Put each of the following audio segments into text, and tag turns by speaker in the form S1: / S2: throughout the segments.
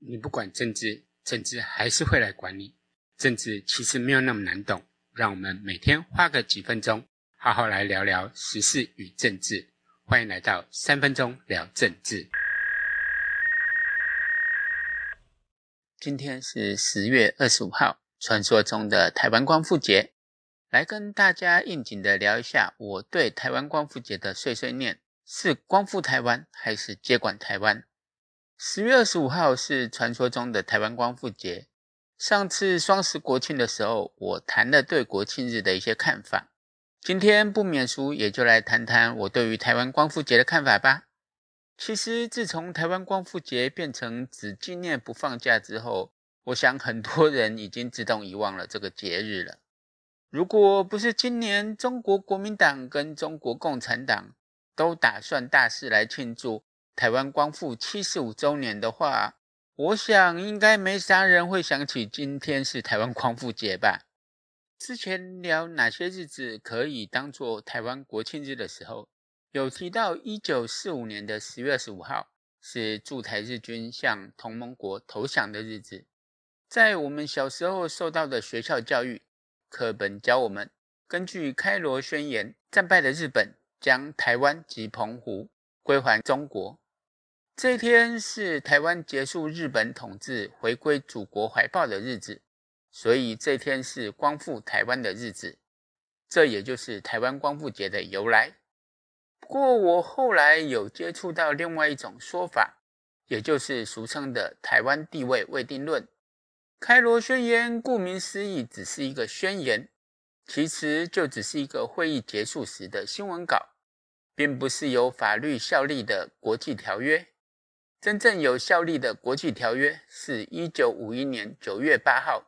S1: 你不管政治，政治還是會來管你。政治其實沒有那麼難懂，讓我們每天花個幾分鐘，好好來聊聊時事與政治。歡迎來到三分鐘聊政治。今天是十月二十五號，傳說中的台灣光復節。來跟大家應景的聊一下我對台灣光復節的碎碎念，是光復台灣，還是接管台灣？十月二十五號是傳說中的台灣光復節。上次雙十國慶的時候，我談了對國慶日的一些看法。今天不免俗，也就來談談我對於台灣光復節的看法吧。其實，自從台灣光復節變成只紀念不放假之後，我想很多人已經自動遺忘了這個節日了。如果不是今年中國國民黨跟中國共產黨都打算大肆來慶祝，台灣光復七十五周年的話，我想應該沒啥人會想起今天是台灣光復節吧？之前聊哪些日子可以當作台灣國慶日的時候，有提到一九四五年的十月二十五號是駐台日軍向同盟國投降的日子。在我們小時候受到的學校教育課本教我們，根據開羅宣言，戰敗的日本將台灣及澎湖歸還中國。這一天是台灣結束日本統治、回歸祖國懷抱的日子，所以這一天是光復台灣的日子，這也就是台灣光復節的由來。不過，我後來有接觸到另外一種說法，也就是俗稱的“台灣地位未定論”。開羅宣言，顧名思義，只是一個宣言，其實就只是一個會議結束時的新聞稿，並不是有法律效力的國際條約。真正有效力的國際條約是1951年9月8號，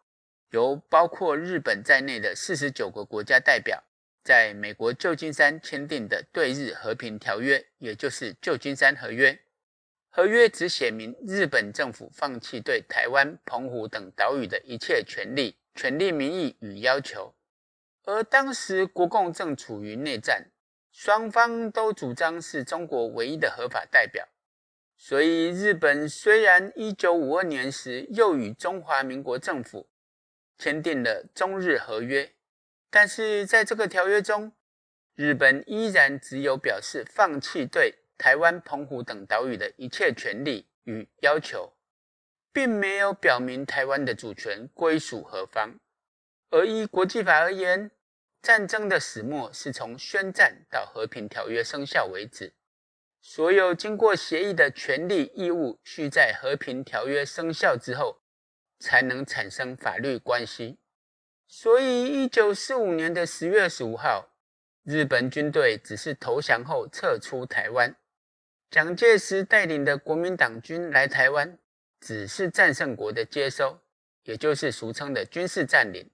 S1: 由包括日本在內的49個國家代表在美國舊金山簽訂的對日和平條約，也就是舊金山合約。合約只寫明日本政府放棄對台灣、澎湖等島嶼的一切權利、權利名義與要求。而當時國共正處於內戰，雙方都主張是中國唯一的合法代表。所以，日本雖然1952年時又與中華民國政府簽訂了中日合約，但是在這個條約中，日本依然只有表示放棄對台灣、澎湖等島嶼的一切權利與要求，並沒有表明台灣的主權歸屬何方。而依國際法而言，戰爭的始末是從宣戰到和平條約生效為止。所有經過協議的權利義務，需在和平條約生效之後才能產生法律關係。所以，一九四五年的十月二十五號，日本軍隊只是投降後撤出台灣，蔣介石帶領的國民黨軍來台灣，只是戰勝國的接收，也就是俗稱的軍事佔領，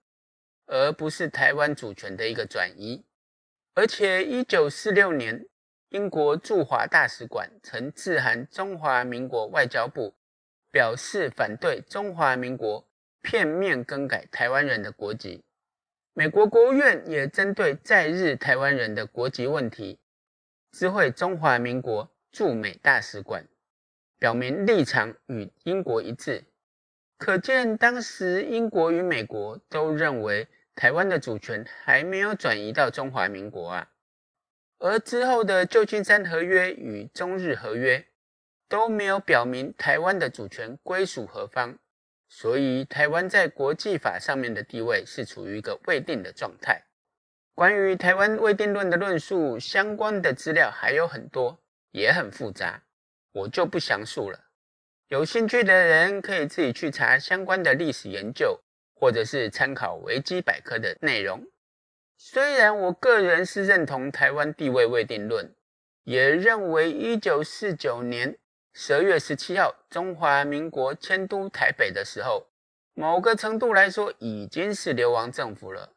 S1: 而不是台灣主權的一個轉移。而且，一九四六年。英國駐華大使館曾致函中華民國外交部，表示反對中華民國片面更改台灣人的國籍。美國國務院也針對在日台灣人的國籍問題，知會中華民國駐美大使館，表明立場與英國一致。可見當時英國與美國都認為台灣的主權還沒有轉移到中華民國啊。而之後的舊金山合約與中日合約都沒有表明台灣的主權歸屬何方，所以台灣在國際法上面的地位是處於一個未定的狀態。關於台灣未定論的論述，相關的資料還有很多，也很複雜，我就不詳述了。有興趣的人可以自己去查相關的歷史研究，或者是參考維基百科的內容。雖然我個人是認同台灣地位未定論，也認為一九四九年十二月十七號中華民國遷都台北的時候，某個程度來說已經是流亡政府了。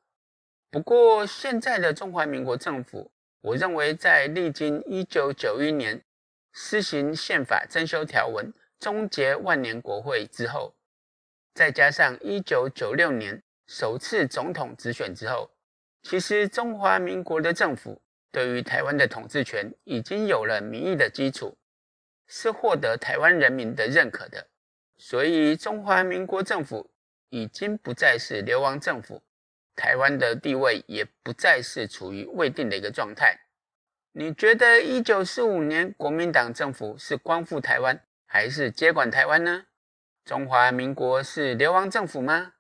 S1: 不過現在的中華民國政府，我認為在歷經一九九一年施行憲法增修條文，終結萬年國會之後，再加上一九九六年首次總統直選之後，其實，中華民國的政府對於台灣的統治權已經有了民意的基礎，是獲得台灣人民的認可的。所以，中華民國政府已經不再是流亡政府，台灣的地位也不再是處於未定的一個狀態。你覺得，一九四五年國民黨政府是光復台灣，還是接管台灣呢？中華民國是流亡政府嗎？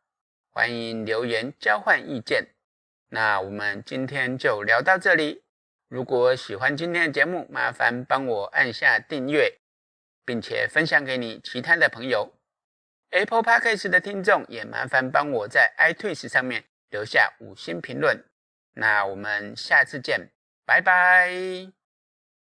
S1: 歡迎留言交換意見。那我們今天就聊到這裡。如果喜歡今天的節目，麻煩幫我按下訂閱，並且分享給你其他的朋友。Apple Podcasts 的聽眾也麻煩幫我在 iTunes 上面留下五星評論。那我們下次見，拜拜。